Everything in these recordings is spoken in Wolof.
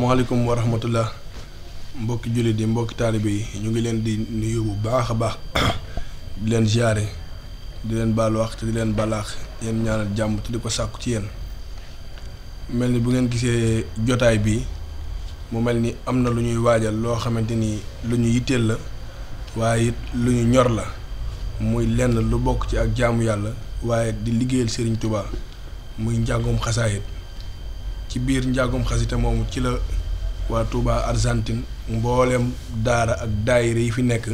maaleykum wa rahmatullah mbokki jullit yi mbokki taalibe yi ñu ngi leen di nuyu bu baax a baax di leen ziare di leen baal wax te di leen balaax yéen ñaanal jàmm te di ko sàkku ci yéen mel ni bu ngeen gisee jotaay bi mu mel ni am na lu ñuy waajal loo xamante ni lu ñu yitteel la waaye it lu ñu ñor la muy lenn lu bokk ci ak jaamu yàlla waaye di liggéeyal Serigne Touba muy njàngum xasaayit ci biir njàngum xasida moomu ci la waa Touba Argentine mbooleem daara ak daayira yi fi nekk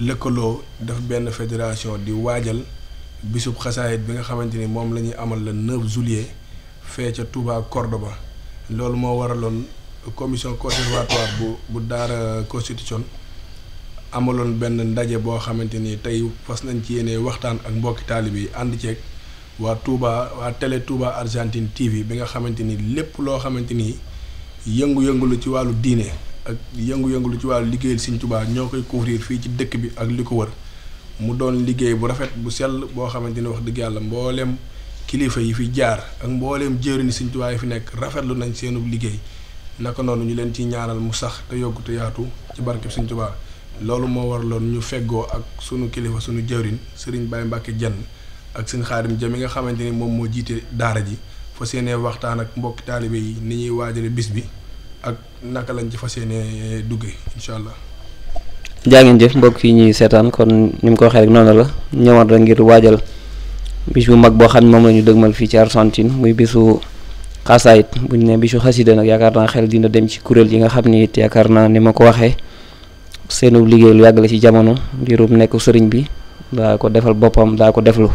lëkkaloo def benn fédération di waajal bisub xasaayit bi nga xamante ni moom la ñuy amal le 9 juillet fee ca Touba Cordoba loolu moo waraloon commission conservatoire bu bu daara constitution amaloon benn ndaje boo xamante ni tey fas nañ ci yéene waxtaan ak mbokki taalibe yi ànd ceeg. waa Touba waa télé Touba Argentine TV bi nga xamante ni lépp loo xamante ni yëngu-yëngu lu ci wàllu diine ak yëngu-yëngu lu ci wàllu liggéeyal Sëñ ñoo koy couvrir fii ci dëkk bi ak li ko wër mu doon liggéey bu rafet bu sell boo xamante ni wax dëgg yàlla mbooleem kilifa yi fi jaar ak mbooleem jëriñu Sëñ yi fi nekk rafetlu nañ seenu liggéey naka noonu ñu leen ciy ñaanal mu sax te yogg te yaatu ci barkeb Sëñ loolu moo waraloon ñu feggoo ak sunu kilifa sunu jëriñ Sëriñ Baye Mbacke Jenn ak sëñ Xaadim Dia mi nga xamante ni moom moo jiite daara ji fas yéenee waxtaan ak mbokki taalibe yi ni ñuy waajale bis bi ak naka lañ ci fas yéenee duggee incha allah. jaa ngeen jëf mbokk ñuy seetaan kon ni mu ko waxee rek noonu la ñëwaat ngir waajal bis bu mag boo xam ne moom la ñu dëgmal fii ci Argentine muy bisu xasaayit bu ñu nee bisu xasida nag yaakaar naa xel dina dem ci kuréel yi nga xam ni it yaakaar naa ni ma ko waxee seenu liggéey lu yàgg la ci jamono diirub nekk sëriñ bi daa ko defal boppam daa ko deflu.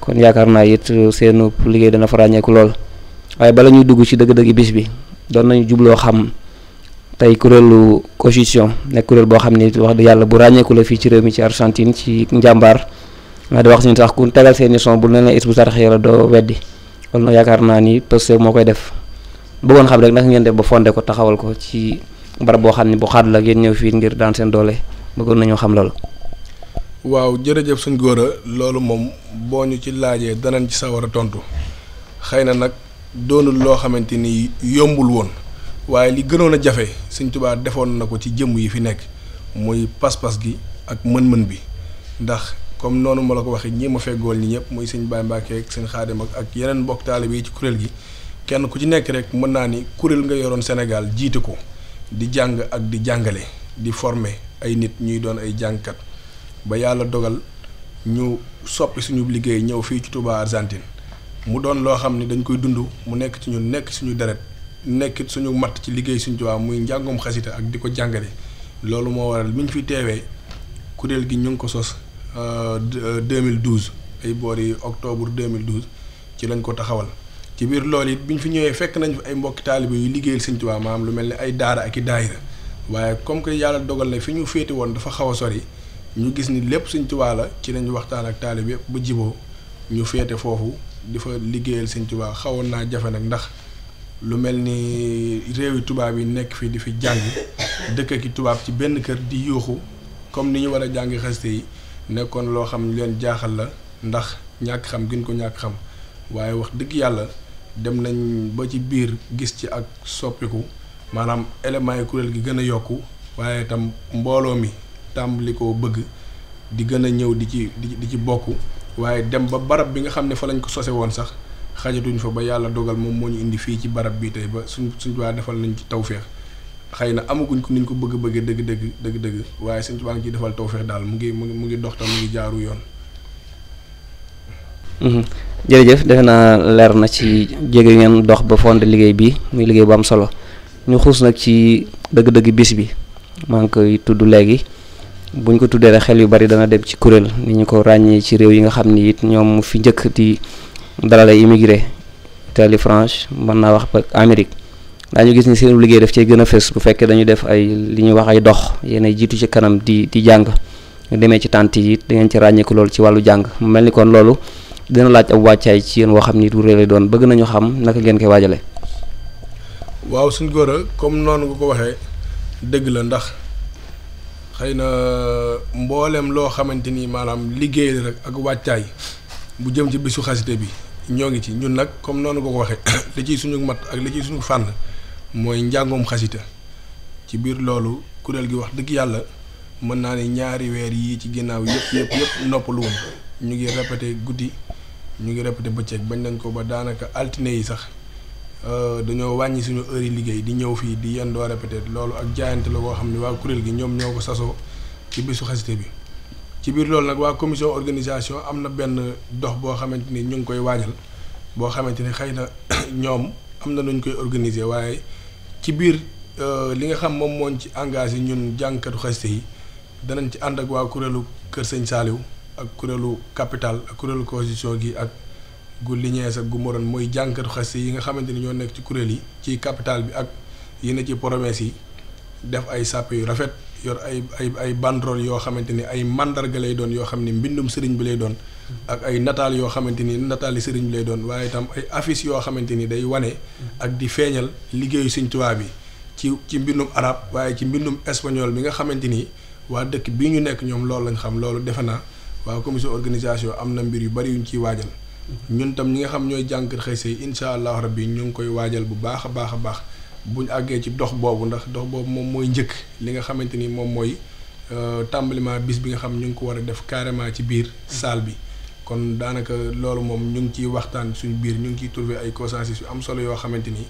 kon yaakaar naa it euh, seenu liggéey dana fa ràññeeku lool waaye bala ñuy dugg ci dëgg-dëgg bis bi doon nañu jubloo xam tey kuréelu coalition nekk kuréel boo xam ni wax dëgg yàlla bu ràññeeku fii ci réew mi ci Argentine ci njàmbaar wax ni sax ku tegal seeni son bu ne la is bu sarax yàlla doo weddi loolu nag yaakaar naa ni Pastef moo koy def bëggoon xam rek nag ngeen def ba fondé ko taxawal ko ci barab boo xam ne bu xaat la ngeen ñëw fii ngir daan seen doole bëggoon nañoo xam loolu. waaw jërëjëf suñ góor loolu moom boo ñu ci laajee danañ ci sawar a tontu xëy na nag doonul loo xamante ni yombul woon waaye li gënoon a jafe suñ tubaab defoon na ko ci jëmm yi fi nekk muy pas-pas gi ak mën-mën bi ndax comme noonu ma la ko waxee ñi ma feggool ñi ñëpp muy sëñ Baye Mbacke ak sëñ Xaadim ak yeneen mbokk taalibe yi ci kuréel gi kenn ku ci nekk rek mën naa ni kuréel nga yoroon Sénégal jiite ko di jàng ak di jàngale di former ay nit ñuy doon ay jàngkat ba yàlla dogal ñu soppi suñu liggéey ñëw fii ci Touba Argentine mu doon loo xam ne dañ koy dund mu nekk ci ñun nekk suñu deret nekkit suñu mat ci liggéey suñu Touba muy njàngum xasita ak di ko jàngale loolu moo waral bi ñu fi teewee kuréel gi ñu ngi ko sos 2012 euh, ay boori octobre 2012 ci lañ ko taxawal ci biir loolu yi bi ñu fi ñëwee fekk nañ fi ay mbokki taalibe yu liggéeyal Sëñ Tuubaa maanaam lu mel ni ay daara ak daayira waaye comme que yàlla dogal na fi ñu féete woon dafa xaw a sori ñu gis ni lépp Sëñ Tuubaa la ci lañu waxtaan ak taalib yëpp ba jiboo ñu féete foofu di fa liggéeyal Sëñ Tuubaa xawoon naa jafe nag ndax lu mel ni réewi tubaab yi nekk fi di fi jàng dëkk ki tubaab ci benn kër di yuuxu comme ni ñu war a jàng xaste yi nekkoon loo xam leen jaaxal la ndax ñàkk xam gën ko ñàkk xam waaye wax dëgg yàlla dem nañ ba ci biir gis ci ak soppiku maanaam éléments yi kuréel gi gën a yokku waaye itam mbooloo mi tàmbali ko bëgg di gën a ñëw di ci di ci bokk waaye dem ba barab bi nga xam ne fa lañ ko sose woon sax xajatuñ fa ba yàlla dogal moom moo ñu indi fii ci barab bi tey ba suñ suñ waa defal nañ ci tawféex xëy na amaguñ ko niñ ko bëgg bëggee dëgg dëgg dëgg dëgg waaye suñ waa ngi ci defal tawféex daal mu ngi mu ngi mu ngi dox tam mu ngi jaaru yoon. Mhm. jërëjëf defe naa leer na ci jéego ngeen dox ba fond liggéey bi muy liggéey bu am solo ñu xuus nag ci dëgg-dëgg bis bi maa ngi koy tudd léegi. buñ ko tuddee rek xel yu bari dana dem ci kuréel ni ñu ko ràññee ci réew yi nga xam ni it ñoom fi njëkk di dalal ay immigré Italie France mën naa wax ba Amérique daañu gis ni seen liggéey daf cay gën a fës bu fekkee dañu def ay li ñuy wax ay dox yéen ay jiitu ci kanam di di jàng demee ci tànt yi da ngeen ci ràññeeku loolu ci wàllu jàng mu mel ni kon loolu dina laaj ab wàccaay ci yéen woo xam ni du réer lay doon bëgg nañu xam naka ngeen koy waajale waaw ko waxee dëgg la ndax xëy na mboolem loo xamante ni maanaam liggéey rek ak wàccaay bu jëm ci bisu xasida bi ñoo ngi ci ñun nag comme noonu ko ko waxee li ciy suñu mat ak li ciy suñu fànn mooy njàngum xasida ci biir loolu kuréel gi wax dëgg yàlla mën naa ne ñaari weer yii ci ginnaaw yëpp yëpp yëpp noppalu woon ñu ngi répété guddi ñu ngi répété bëccëg bañ nañ ko ba daanaka altine yi sax Euh, dañoo wàññi suñu heure yi liggéey di ñëw fii di yendoo répété loolu ak jaayante la koo xam ne waa kuréel gi ñoom ñoo ko sasoo ci bisu xasité bi ci biir loolu nag waa commission organisation am na benn dox boo xamante ni ñu ngi koy waajal boo xamante ni xëy na ñoom am na nuñ koy organiser waaye ci biir euh, li nga xam moom mooñ ci engagé ñun jàngkatu xasité yi danañ ci ànd ak waa kuréelu Kër Sëñ Saaliw ak kuréelu capital ak kuréelu coalition gi ak gu Lignès ak gu mooy jànkatu xasida yi nga xamante ni ñoo nekk ci kuréel yi ci capital bi ak yi na ci promesse yi def ay sàppe yu rafet yor ay ay ay banderole yoo xamante ni ay mandarga lay doon yoo xam ne mbindum sëriñ bi lay doon ak ay nataal yoo xamante ni nataali sëriñ bi lay doon waaye itam ay affiche yoo xamante ni day wane ak di feeñal liggéeyu Sëriñ Tuubaa bi ci ci mbindum arab waaye ci mbindum espagnol bi nga xamante ni waa dëkk bii ñu nekk ñoom loolu lañ xam loolu defe naa waa commission organisation am na mbir yu bari yuñ ciy waajal ñun tam ñi nga xam ñooy jànkat xëy say incha allah rabbi ñu ngi koy waajal bu baax a baax a baax bu ñu àggee ci dox boobu ndax dox boobu moom mooy njëkk li nga xamante ni moom mooy euh, tàmbaliment bis bi nga xam ñu ngi ko war a def carrément ci biir salle bi kon daanaka loolu moom ñu ngi ciy waxtaan suñu biir ñu ngi ciy trouver ay consensus yu am solo yoo xamante ni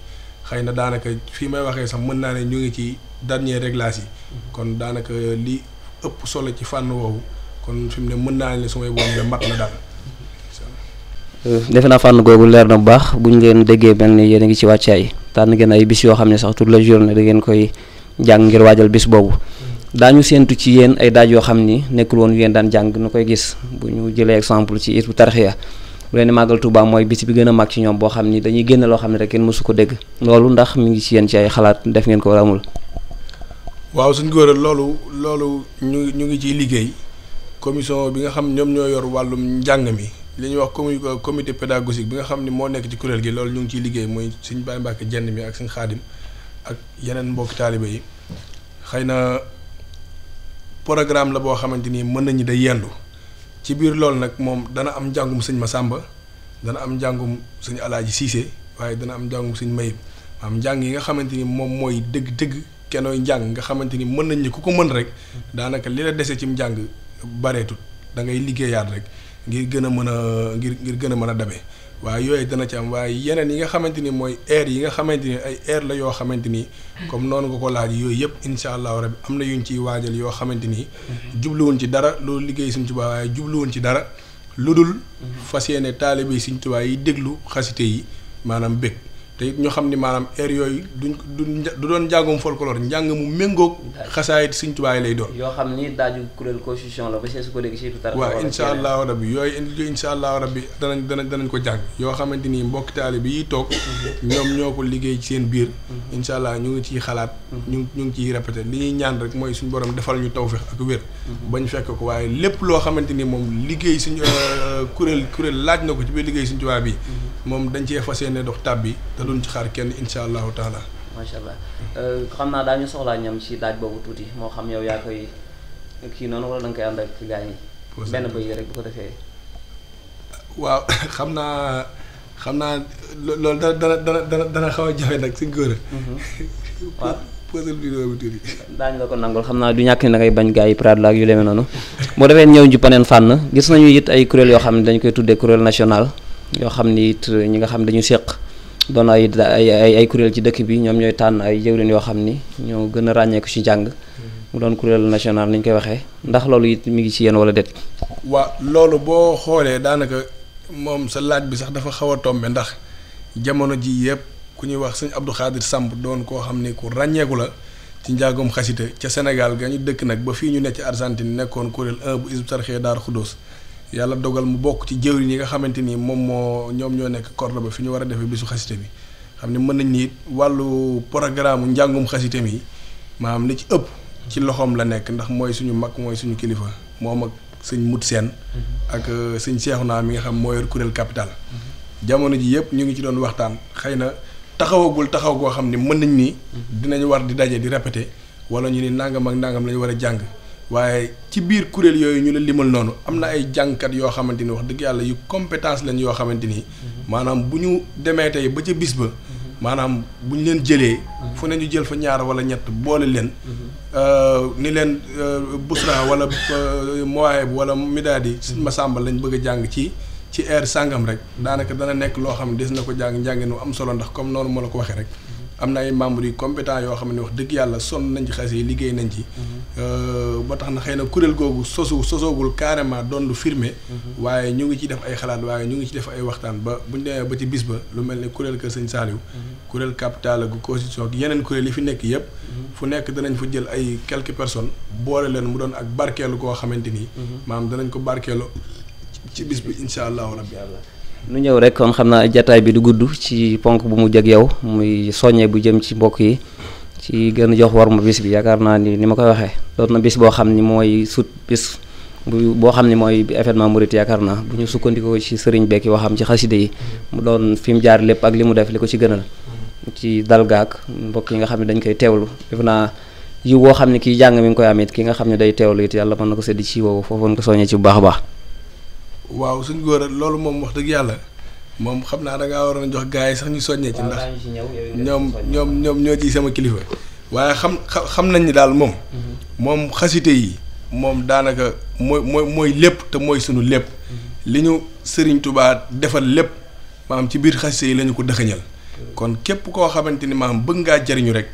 xëy na daanaka fii may waxee sax mën naa ne ñu ngi ci dernier réglage yi kon daanaka li ëpp solo ci fànn woowu kon fi mu ne mën naa ne sumay woon na daal Euh, defe naa fànn googu leer na bu baax bu ñu leen déggee mel ni yéen a ngi ci wàccaay tànn ngeen ay bis yoo xam ne sax toute la journée da ngeen koy jàng ngir waajal bis boobu daañu séentu ci yéen ay daaj yoo xam ni nekkul woon yéen daan jàng nu koy gis bu ñu jëlee exemple ci is bu tarxiya bu leen màggal Touba mooy bis bi gën a mag ci ñoom boo xam ni dañuy génn loo xam ne rek kenn mësu ko dégg loolu ndax mu ngi ci yéen ci ay xalaat def ngeen ko war amul. waaw suñ góor loolu loolu ñu ñu ngi ciy liggéey commission bi nga xam ñoom ñoo yor wàllum njàng mi li ñuy wax comu euh, comité pédagogique bi nga xam ne moo nekk ci kuréel gi loolu ñu ngi ciy liggéey mooy suñ Baye Mbacke jenn mi ak suñ xaadim ak yeneen mbokki taalibe yi xëy na programme la boo xamante ni mën nañu day yendu ci biir loolu nag moom dana am njàngum sëñ Masamba dana am njàngum sëñ Alaaji Cissé waaye dana am njàngum sëñ Mayib am njàng yi nga xamante ni moom mooy dëgg-dëgg njàng nga xamante ni mën nañ ni ku ko mën rek daanaka li la dese ci njàng bareetut da ngay liggéeyaat rek ngir gën a mën a ngir ngir gën a mën a dabe waaye yooyu dana ci am waaye yeneen yi nga xamante ni mooy air yi nga xamante ni ay air la yoo xamante ni comme noonu nga ko laaj yooyu yëpp incha allahu rabi am na yu yuñ ciy waajal yoo xamante ni. jubluwuñ ci dara loolu liggéey suñ tubaab waaye jubluwuñ ci dara lu dul. fas yéene taalibe yi suñ tubaab yi déglu xasite yi maanaam bëgg. te it ñu xam ni maanaam air yooyu duñ du doon njàngum folklore njàng mu méngoog. xasaayit Sëñ Tuubaa yi lay doon. yoo xam ni daaju kuréel constitution la ba see su ko dégg si tar waaw incha allahu rabbi yooyu incha allahu rabbi danañ danañ danañ ko jàng yoo xamante ni mbokk taalibe yi toog. Mhm. ñoom ñoo ko liggéey ci seen biir. Mhm. incha allah ñu ngi ciy xalaat. Mhm. ñu ñu ngi ciy répété li ñuy ñaan rek mooy suñu borom defal ñu tawfeex ak wér. bañ fekk ko waaye lépp loo xamante ni moom liggéey suñu euh, kuréel kuréel laaj na ko ci biir liggéey Sëñ Tuubaa bi moom dañ cee fas yéene dox tàbbi duñ ci xaar kenn incha allahu taala. macha allah euh, xam naa daañu soxlaa ñam ci laaj boobu tuuti moo xam yow yaa koy kii noonu wala da nga koy ànd ak gars yi. benn bëy rek a nag si góor a. Mhm. waaw posé vidéo bi tuuti. daañu la ko nangul xam naa du ñàkk ne da ngay bañ gars yi Prada la ak yu demee noonu boo defee ñëw ju paneen fànn gis nañu it ay kuréel yoo xam ne dañu koy tuddee kuréel national yoo xam ni it ñi nga xam dañu seq. doon ay ay ay kuréel ci dëkk bi ñoom ñooy tànn ay jëwriñ yoo xam ni ñoo gën a ràññeeku ci jàng mm-hmm. mu doon kuréel national ni ñu koy waxee ndax loolu it mi ngi ci yéen wala déet. waa loolu boo xoolee daanaka moom sa laaj bi sax dafa xaw a tombe ndax jamono ji yëpp ku ñuy wax sëñ Abdou Khadir Samb doon koo xam ni ku ràññeeku la ci njàngum xasida ca Sénégal gaa ñu dëkk nag ba fii ñu ne ci Argentine nekkoon kuréel 1 bu Hizbut Tarqiyyah Daaru Xuddoos yàlla dogal mu bokk ci jëwriñ yi nga xamante ni moom moo ñoom ñoo nekk Cordoba fi ñu war a defee bisu xasite bi xam ne mën nañ ni wàllu programme njàngum xasite mi maanaam li ci ëpp ci loxoom la nekk ndax mooy suñu mag mooy suñu kilifa moom ak sëñ mut seen mhm. ak euh, sëñ Seexuna mi nga xam moo yor kuréel capital mhm. jamono ji yëpp ñu ngi ci doon waxtaan xëy na taxawagul taxaw koo xam ni mën nañ ni dinañu war di daje di répété wala ñu ni nangam ak nangam la ñu war a jàng waaye ci biir kuréel yooyu ñu la limal noonu am na ay jàngkat yoo xamante ni wax dëgg yàlla yu compétence lañ yoo xamante ni mhm. maanaam bu ñu demee tey ba ca bis ba mhm. maanaam bu ñu leen jëlee mhm. fu ne ñu jël fa ñaar wala ñett boole leen euh, ni leen euh, Busra wala euh, Mawahib wala Midaadi Masamba lañ bëgg jàng ci ci air sàngam rek daanaka dana nekk loo xam ne des na ko jàng njàngin mu am solo ndax comme noonu ma la ko waxee rek am na ay membres yu compétent yoo xam ne wax dëgg yàlla sonn nañ ci xase yi liggéey nañ ci. Mhm. Euh, ba tax na xëy na kuréel googu sosu sosoogul carrément doon firme mhm. waaye ñu ngi ci def ay xalaat waaye ñu ngi ci def ay waxtaan ba bu ñu demee ba ci bis ba lu mel ne kuréel Kër Sëñ Saaliw. Mhm. kuréel capital gu constitution ak yeneen kuréel yi fi nekk yëpp. fu nekk danañ fa jël ay quelque personnes boole leen mu doon ak barkeelu koo xamante ni. maanaam danañ ko barkeelu ci bi incha allahu rabbi nu ñëw rek kon xam naa jataay bi du gudd ci ponk bu mu jëg yow muy soññee bu jëm ci mbokk yi ci gën a jox war ma bis bi yaakaar naa ni ma koy waxee doon na bis boo xam ni mooy sut bis bu boo xam ni mooy événement murit yaakaar naa bu ñu sukkandikoo ci sëriñ bekki waxam ci xaside yi mu doon fi mu jaar lépp ak li mu def li ko ci gënal ci dalgaak mbokk yi nga xam ne dañ koy teewlu def naa yiw woo xam ne kiy jàng mi ngi koy am it ki nga xam ne day teewlu it yàlla mën na ko seddi ci a waaw suñ góor loolu moom wax dëgg yàlla moom xam naa da ngaa waroon jox gars yi sax ñu soññee ci ndax ñoom ñoom ñoom ñoo ciy sama kilifa waaye xam xam nañ ni daal moom mm-hmm. moom xasité yi moom daanaka mooy mooy lépp te mooy suñu lépp mm-hmm. li ñu sëriñ tubaa defal lépp maam ci biir xasité yi lañu ñu ko dëxëñal mm-hmm. kon képp koo xamante ni maanaam bëgg ngaa jariñu rek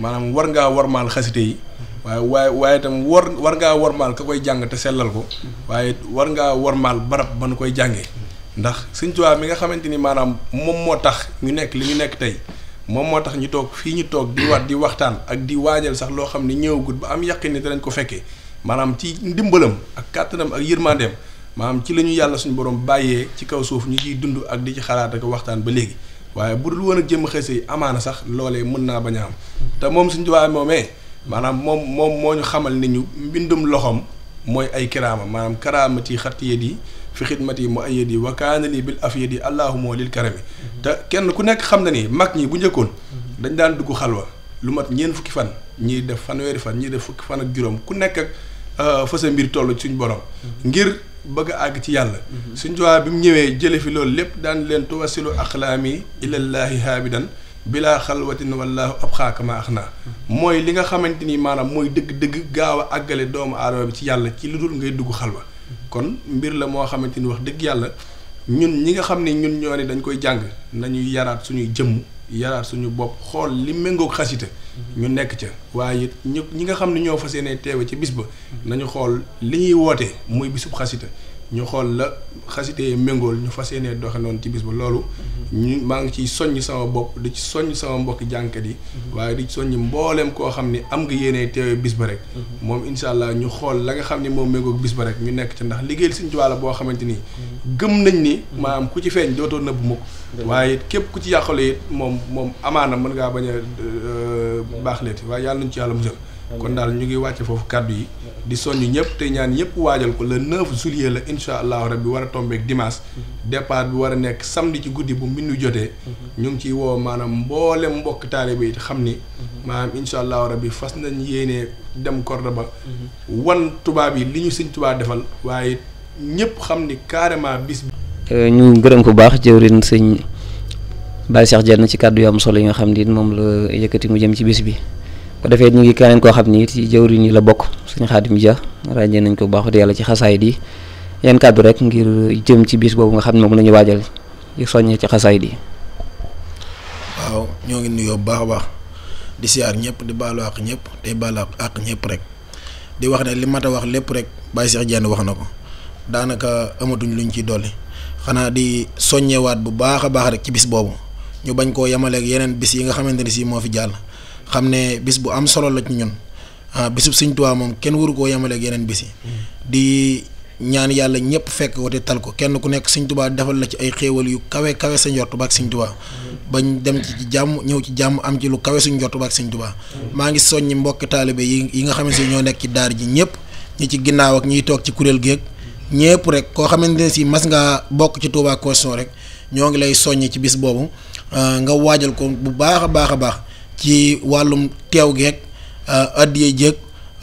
maanaam war ngaa war warmaal xasité yi waaye waaye waaye tam wor war ngaa wormaal ka koy jàng te sellal ko mm-hmm. waaye war ngaa wormaal barab ba nu koy jàngee mm-hmm. ndax Sëñ Tuubaa mi nga xamante ni maanaam moom moo tax ñu nekk li ñu nekk tey moom moo tax ñu toog fii ñu toog wax di waxtaan ak di waajal sax loo xam ne ñëwagut ba am yàqin ni danañ ko fekkee maanaam ci ndimbalam ak kàttanam ak yërmandeem maam ci la ñu yàlla suñu borom bàyyee ci kaw suuf ñu ciy dund ak di ci xalaat ak waxtaan ba léegi waaye bu dul woon ak jëm xese yi amaana sax loolee mën naa bañ a am mm-hmm. te moom Sëñ Tuubaa moomee maanaam moom moom moo ñu xamal ni ñu mbindum loxoom mooy ay kiraama maanaam karaamati xatti yet yi fi xidmati mu ay yet yi wa kaana lii bil af di yi moo lil karami te kenn ku nekk xam na ni mag ñi bu njëkkoon dañ daan dugg wa lu mat ñeen fukki fan ñii def fanweeri fan ñii def fukki fan ak juróom ku nekk ak euh, fa mbir tollu suñ borom ngir bëgg àgg ci yàlla mhm. suñ jowa bi mu ñëwee jële fi loolu lépp daan leen tuwasilu aqlaami ilallaahi haabidan bilaa xalwatin wallaahu ab xaakama ax mooy li nga xamante ni maanaam mooy dëgg-dëgg gaaw a àggale doomu aadama bi ci yàlla ci lu dul ngay dugg xalwa kon mbir la moo xamante ni wax dëgg yàlla ñun ñi nga xam ne ñun ñoo ne dañ koy jàng nañuy yaraat suñuy jëmm yaraat suñu bopp xool li méngoog xasita ñu nekk ca waaye ñu ñi nga xam ne ñoo fa yéene teewe ca bis ba nañu xool li ñuy wootee muy bisub xasita ñu xool la xasitee méngool ñu fas yéenee doxe noonu ci bis ba loolu mhm. ñu maa ngi ciy soññ sama bopp di ci soññ sama mbokki jànkat yi mhm. waaye di soññ mboolem koo xam ni am nga yéenee teewee bis ba rek mhm. moom incha allah ñu xool la nga xam ni moom méngoog bis ba rek ñu nekk ci ndax liggéey Sëñ Tuubaa la boo xamante ni gëm nañ ni maanaam ku ci feeñ dootoo nëbb mukk waaye képp ku ci yàqale it moom moom amaana mën ngaa bañ a euh, baax leeti waaye yàlla nañ ci yàlla musal kon daal ñu ngi wàcce foofu kàddu yi di soññ ñëpp te ñaan ñëpp waajal ko le 9 juillet la incha allahu rabbi war a tombeek dimanche départ bi war a nekk samedi ci guddi bu mbindu jotee ñu ngi ciy woo maanaam mboolem mbokk taalibe yi xam ni maanaam incha allahu rabbi fas nañ yéenee dem ba wan tubaab yi li ñu sëñ tubaab defal waaye ñëpp xam ni carrément bis bi euh, ñu gërëm ko baax jëwrin sëñ Baye Cheikh Diène ci kàddu yu am solo yi nga xam ni moom la yëkkati mu jëm ci bis bi ko defee ñu ngi keneen koo xam ni ci jëwriñ yi la bokk suñu xaadim ja ràññee nañ ko baaxut yàlla ci xasaay di yan kàddu rek ngir jëm ci bis boobu nga xam ne moom la ñu waajal di soññee ci xasaay di waaw ñoo ngi nuyoo bu baax a baax di siyaar ñëpp di baalo àq ñëpp tey baalu àq ñëpp rek di wax ne li mat a wax lépp rek Baye Cheikh Diène wax na ko daanaka amatuñ luñ ci dolli xanaa di soññewaat bu baax a baax rek ci bis boobu ñu bañ koo yemaleeg yeneen bis yi nga xamante ne si moo fi jàll xam ne bis bu am solo la ci ñun ah, bisub Sëñ Tuubaa moom kenn waru koo yemale ak yeneen bis yi mm-hmm. di ñaan yàlla ñëpp fekk ko te tal ko kenn ku nekk Sëñ Tuubaa defal la ci ay xéewal yu kawe kawe sa njortu ba ak Sëñ Tuubaa mm-hmm. dem jàmm ñëw ci jàmm am ci lu suñ njortu ba ak Sëñ mm-hmm. maa ngi soññi mbokk taalibe yi yi nga xamante ne ñoo nekk ci daar ji ñëpp ñi ci ginnaaw ak ñiy toog ci kuréel géeg ñëpp rek koo xamante ne si mas nga bokk ci Touba Constitution rek ñoo ngi lay soññ ci bis boobu ah, nga waajal ko bu baax a baax a baax ci wàllum teew geeg euh, addiye jéeg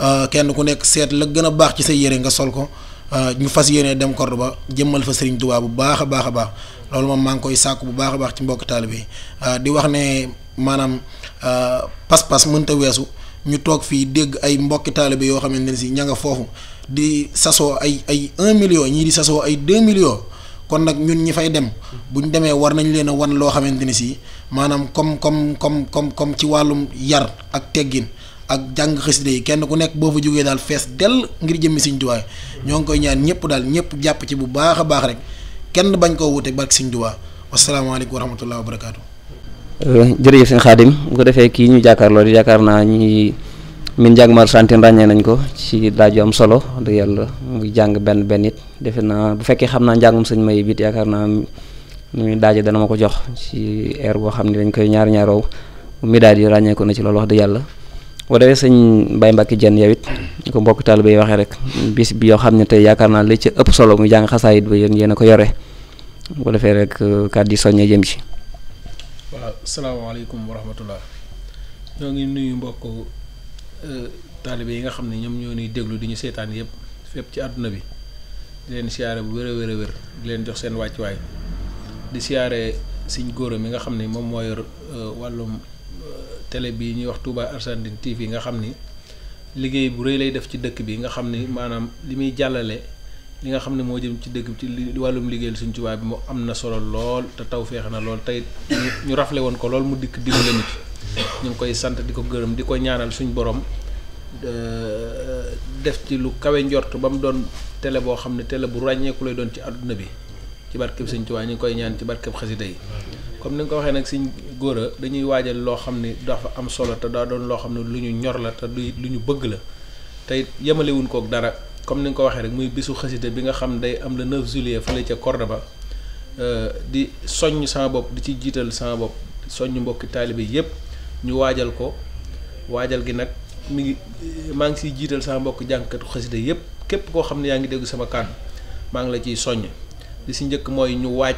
euh, kenn ku nekk seet la gën a baax ci sa yére nga sol ko euh, ñu fas yéene dem ba jëmmal fa Serigne Touba bu baax a baax a baax loolu moom maa ngi koy sàkku bu baax a baax ci mbokk taalibe yi di wax ne maanaam pas-pas mënta weesu ñu toog fii dégg ay mbokki taalibe yoo xamante ne si ña nga foofu di sasoo ay ay un million ñii di sasoo ay deux millions kon nag ñun ñi fay dem bu ñu demee war nañ leen a wan loo xamante ni si maanaam comme kom comme comme comme ci wàllum yar ak teggin ak jàng xasida yi kenn ku nekk boo fa jógee daal fees dell ngir jëmmi Sëñ Tuubaa ñoo ngi koy ñaan ñëpp daal ñëpp jàpp ci bu baax baax rek kenn bañ koo wute barke Sëñ Tuubaa wasalaamaaleykum wa rahmatullahi wa barakaatu. jërëjëf sëñ Xaadim bu ko defee kii ñu jàkkaarloo di yaakaar naa ñi min njàngum Argentine ràññee nañ ko ci laaj yu am solo dëgg yàlla muy jàng benn benn it defe naa bu fekkee xam naa njàngum sëñ May bi it yaakaar naa nu muy daaje dana ma ko jox ci air boo xam ne dañ koy ñaar ñaaroo mi daal di ràññee ko na ci loolu wax dëgg yàlla. boo defee sëñ Mbaye Mbacke Dieng yow it ñu ko mbokk taalibe yi waxee rek bis bi yoo xam ne te yaakaar naa li ci ëpp solo muy jàng xasaayit ba yéen yéen a ko yore bu defee rek euh, kàddu yi soññee jëm ci. waaw salaamaaleykum wa Euh, taalibe yi nga xam ne ñoom ñoo ñuy déglu di ñu seetaan yëpp fépp ci àdduna bi leen siyaare bu wér a wér a wér di leen jox seen wàccuwaay di siyaare siñ góora mi nga xam ne moom moo yor euh, wàllum euh, télé bi ñuy wax Touba Argentine TV nga xam ni liggéey bu rëy lay def ci dëkk bi nga xam ni maanaam li muy jàllale li nga xam ne moo jëm ci dëkk bi ci wàllum liggéeyal suñ Touba bi mu am na solo lool te taw feex na lool tey ñu rafle woon ko lool mu dikk dimbale ñu ngi koy sant di ko gërëm di ko ñaanal suñu borom def ci lu kawe njort ba mu doon télé boo xam ne télé bu ràññeeku lay doon ci àdduna bi ci barkeb sëñ Tuubaa ñu ngi koy ñaan ci barkeb xasida yi comme ni nga ko waxee nag suñ góora dañuy waajal loo xam ne dafa am solo te daa doon loo xam ne lu ñu ñor la te du lu ñu bëgg la tey yemalewuñ kook dara comme ni nga ko waxee rek muy bisu xasida bi nga xam day am le 9 juillet fële ca Cordoba euh, di soññ sama bopp di ci jiital sama bopp soññ mbokki taalibe yépp ñu waajal ko waajal gi nag mi ngi maa ngi siy jiital sama mbokk jànkatu xasida yépp képp koo xam ne yaa ngi dégg sama kàddu maa ngi la ciy soññ li si njëkk mooy ñu waaj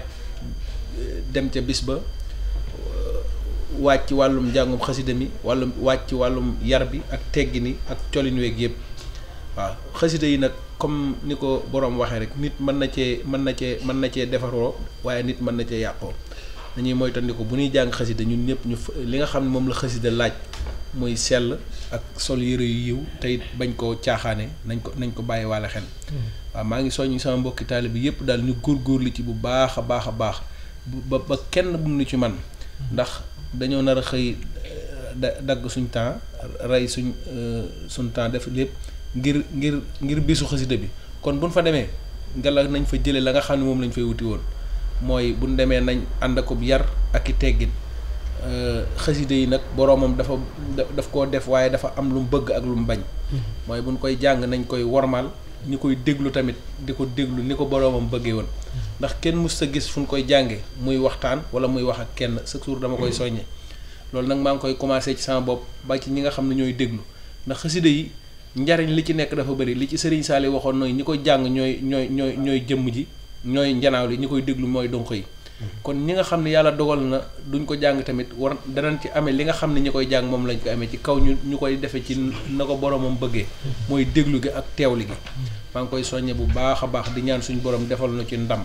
eh, dem ca bis ba eh, waaj ci wàllum njàngum xasida mi wàllum waaj ci wàllum yar bi ak teggi ni ak colin weeg yépp waaw xasida yi nag comme ni ko boroom waxee rek nit mën na cee mën na cee mën na cee defaroo waaye nit mën na cee yàqoo dañuy moytandiku bu ñuy jàng xasida ñun ñëpp ñu li nga xam ne moom la xasida laaj muy sell ak sol yére yu yiw tey bañ koo caaxaane nañ ko nañ ko bàyyi waale xel mm-hmm. maa ngi soññi sama mbokki taalibe bi yëpp daal ñu góorgóorlu ci bu baax a baax a baax ba ba kenn bu mu ci man mm-hmm. ndax dañoo nar a xëy eh, dagg suñ temps rey suñ eh, suñ temps def lépp ngir ngir ngir bisu xasida bi kon buñ fa demee ngelaw nañ fa jëlee la nga xam ne moom lañ fay wuti woon mooy bu ñu demee nañ ànd akub yar ak i teggin euh, xaside yi nag boroomam dafa daf koo def waaye dafa am lu mu bëgg ak lu mu bañ. Mm-hmm. mooy bu ñu koy jàng nañ koy wormaal ñi koy déglu tamit di ko déglu ni ko boroomam bëggee woon. Mm-hmm. ndax kenn mus sa gis fu ñu koy jàngee muy waxtaan wala muy wax ak kenn sa jour dama koy soññe mm-hmm. loolu nag maa ngi koy commencé ci sama bopp ba ci ñi nga xam ne ñooy déglu ndax xaside yi njariñ li ci nekk dafa bëri li ci Serigne Saliou waxoon nooy ñi koy jàng ñooy ñooy ñooy ñooy jëmm ji. ñooy njanaaw li ñu koy déglu mooy donko yi mhm. kon ñi nga xam ne yàlla dogal na duñ ko jàng tamit war danañ ci amee li nga xam ne ñu koy jàng moom lañ ko amee ci kaw ñu ñu koy defee ci na ko boromam bëggee mhm. mooy déglu gi ak teewli gi mhm. maa ngi koy soññe bu baax a baax di ñaan suñu borom defal na ci ndam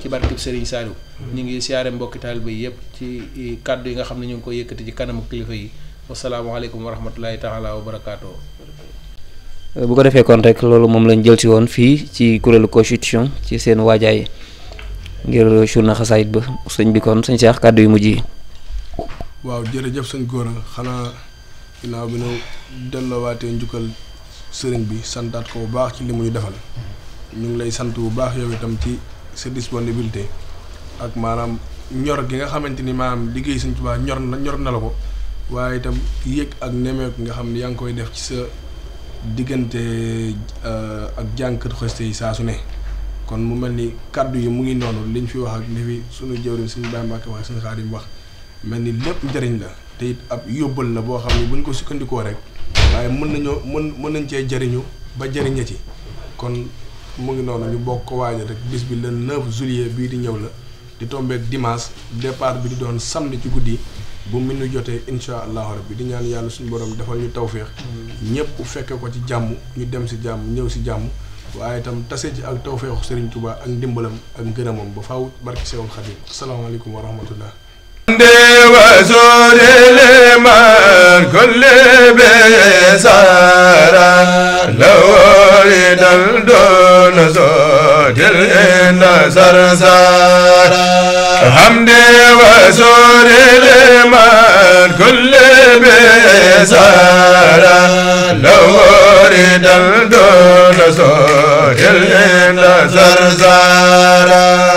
ci barkib sëriñ Saliou ñu ngi siyaare mbokki taalibe yëpp ci kàddu yi nga xam ne ñu ngi koy yëkkati ci kanamu kilifa yi wasalaamaaleykum wa rahmatulahi taala wa barakaatu bu ko defee kon rek loolu moom lañ jël si woon fii ci kuréelu constitution ci seen waajaay ngir journée xasaayit ba sañ bi kon sëñ Cheikh kàddu yi mujj yi. waaw jërëjëf sëñ Gora xanaa ginnaaw bi ñu delloowaatee njukkal sëriñ bi santaat ko bu baax ci li mu defal ñu ngi lay sant bu baax yow itam ci sa disponibilité ak maanaam ñor gi nga xamante ni maanaam liggéey sëñ Tuubaa ñor na ñor na la ko waaye itam yëg ak nemeeku nga xam ne yaa ngi koy def ci sa. diggante euh, ak jànkat xëste yi saa su ne kon mu mel ni kàddu yi mu ngi noonu liñ fi wax ak ni fi sunu jëwriñ suñu Baye Mbacke wax suñu Xaadim wax mel ni lépp njëriñ la te it ab yóbbal na boo xam ne buñ ko sukkandikoo rek waaye mën nañoo mën mën nañ cee jëriñu ba jëriña ci kon mu ngi noonu ñu bokk ko waajal rek bis bi la 9 juillet bii di ñëw la di tombeek dimaas départ bi di doon samedi ci guddi bu mu nu jotee incha allahu rabbi di ñaan yàlla suñu borom defal ñu tawféex. ñëpp fekke ko ci jàmm ñu dem si jàmm ñëw si jàmm. waaye itam tase ci ak tawféexu Serigne Touba ak ndimbalam ak ngërëmam ba faaw barki Sewul Xadim asalaamaaleykum wa rahmatullah. وزور لمن كل بسارة لو رد الدون زود النصر سارة حمدي وزور لمن كل بسارة لو رد الدون زود النصر سارة